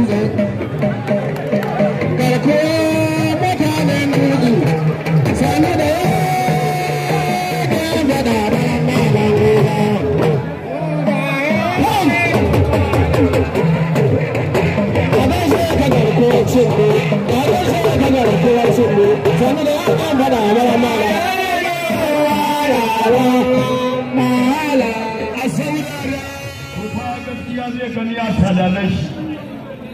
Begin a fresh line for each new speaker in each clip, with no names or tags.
Asıl olarak
bu fakat iade kanıya sadarlar.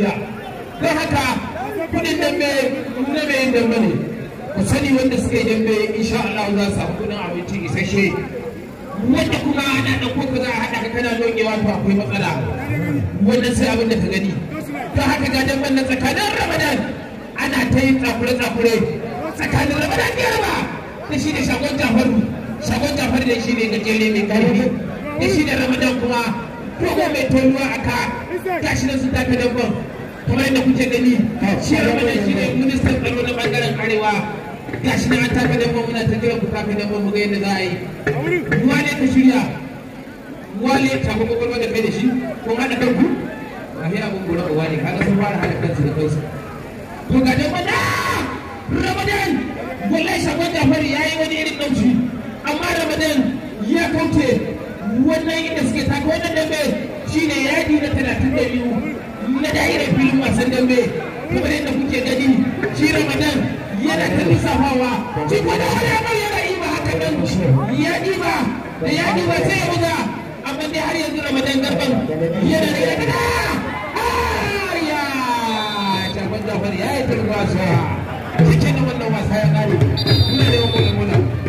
wuya don haka kudin dambe na mai dambe ne ku sani wanda suka yi dambe insha Allah za su samu kudin abinci isasshe wanda kuma ana da ko za a haɗa ka kana dogewa to akwai matsala wannan sai abin da ka gani
don haka ga damben na tsakanin Ramadan
ana ta yin tsakure-tsakure tsakanin Ramadan ya Yarba da shi da shagon Jafaru shagon Jafaru da shi ne gajere mai karfi da shi da Ramadan kuma dogo mai tonuwa a ka gashi nan sun taka damben kamar yadda kuke gani ciyar mana shi ne ministan tsaro na bangaren arewa ga shi ne an taka da mu muna tafiya ku taka da mu ga yadda za a yi wale ta shirya wale ta ko kokolwa da kai da shi ko hada kanku a hira mun gura ko wale kaga sun fara hada kansu da kansu to ga da wanda ramadan wallahi shagon jafari yi wani irin dauki amma ramadan ya kauce wannan inda suke taka wannan dambe shine yadi na 32 na da'irar filin wasan dambe kuma yadda kuke gani shi ramadan yana ta lissafawa cikin wani alamar yana yi ba haka nan ya ɗiba da ya ɗiba sai ya buga amma dai har yanzu ramadan garban yana da ya gida ya jafar jafar ya yi turba cikin wannan wasa ya ƙare ina da yawan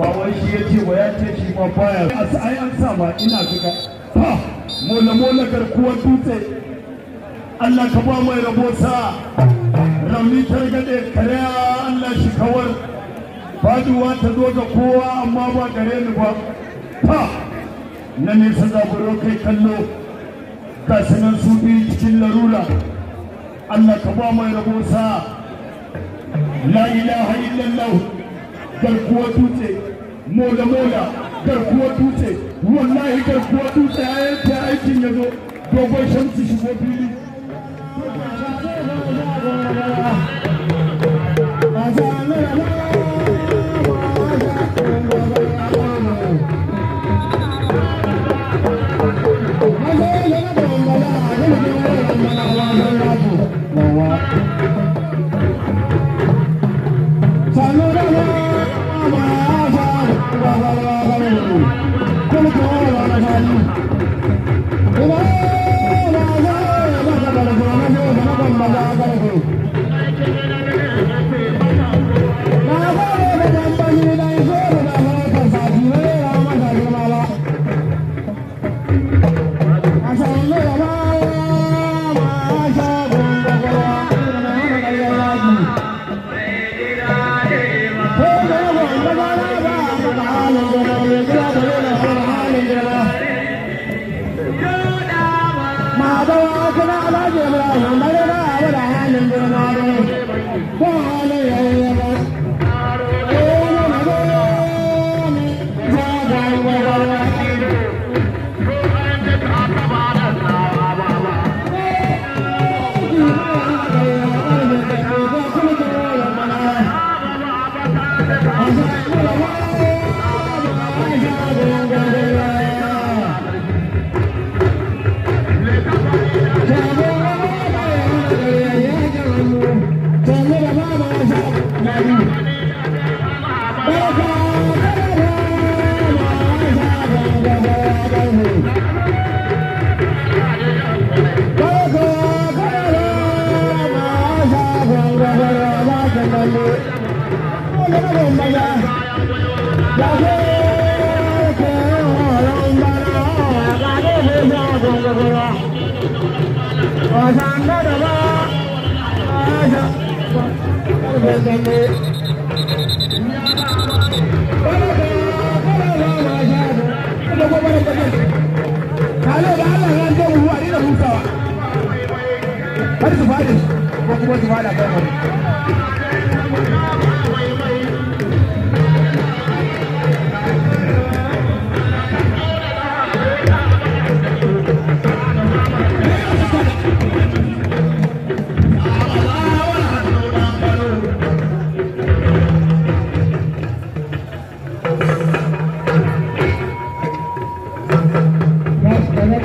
ba wai shi ya ce wa ya ce shi ma baya ai an sa ma ina duka ha mola mola garkuwar dutse Allah ka ba mai rabo sa rami targade karya Allah shi kawar faduwa ta zo ga kowa amma ba gare ni ba ha na nesa zaburo kai kallo ga sanan su biyu cikin larura Allah ka ba mai rabo sa la ilaha illallah garkuwar dutse mola mola garkuwa dutse wallahi garkuwa dutse ya yanke aikin ya zo dogon shamsi shigo fili
Thank you. Başanda da var. Başanda da var.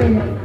Thank you.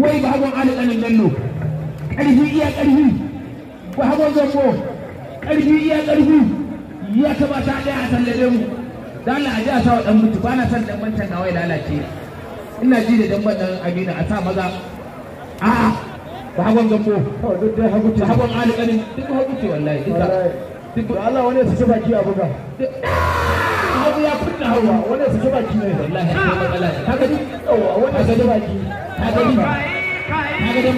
wai ba hagon ali kanin lallo ƙarfi iya ƙarfi ba hagon zango ƙarfi iya ƙarfi ya kamata ɗaya a sallade mu da Allah a ji a sa wa ɗan mutu ba na san ɗan mancan nawa ya lalace ina ji da ɗan ɗan amina a sa maza a'a ba hagon zango ba hagon ali kanin duk hagu ce wallahi duk Allah wani ya sace baki a buga wani ya fita hawa wani su baki ne wallahi akwai ah! matsala gani baki ta gani Ta ga dan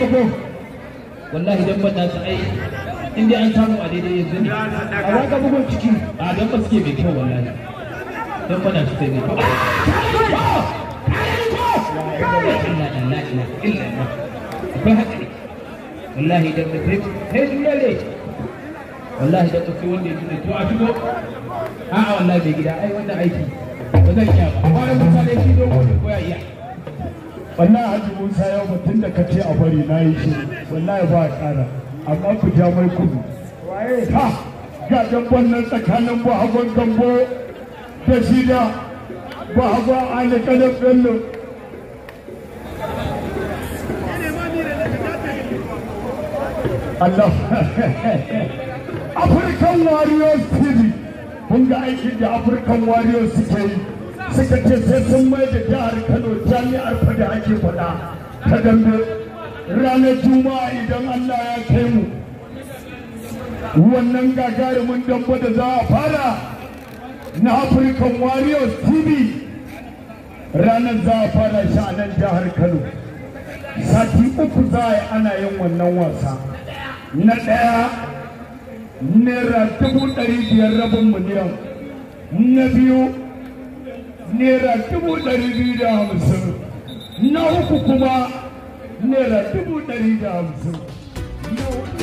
wallahi dan ta su ai in dai an samu a daidai yanzu ne a waka bugun ciki a dan ba suke mai kyau wallahi dan su sai mai kyau akwai haƙari wallahi dan ba sai sai dole wallahi dan ba sai wanda ya tuna to a tuko a'a wallahi bai gida ai
wannan aiki ba zan iya ba wani musa dai shi don gobe ko ya iya wallahi haji musa yau mutum da ka ce a bari na yi shi wallahi ba a ƙara amma ku ja mai kudu waye ha ga dambon nan tsakanin bahagon gambo da shi da bahagon alikalar bello Allah African Warriors TV kun ga aikin da African Warriors suke yi suka ce sai sun mai da jihar Kano jami'ar fa da ake faɗa ta dambe ranar Juma'a idan Allah ya kai mu wannan gagarumin dambe da za a fara na African Warriors TV ranar za a fara shi a nan jihar Kano sati uku za a yi ana yin wannan wasa na ɗaya naira dubu ɗari biyar rabin miliyan na biyu naira dubu ɗari biyu da hamsin na uku kuma naira dubu ɗari da hamsin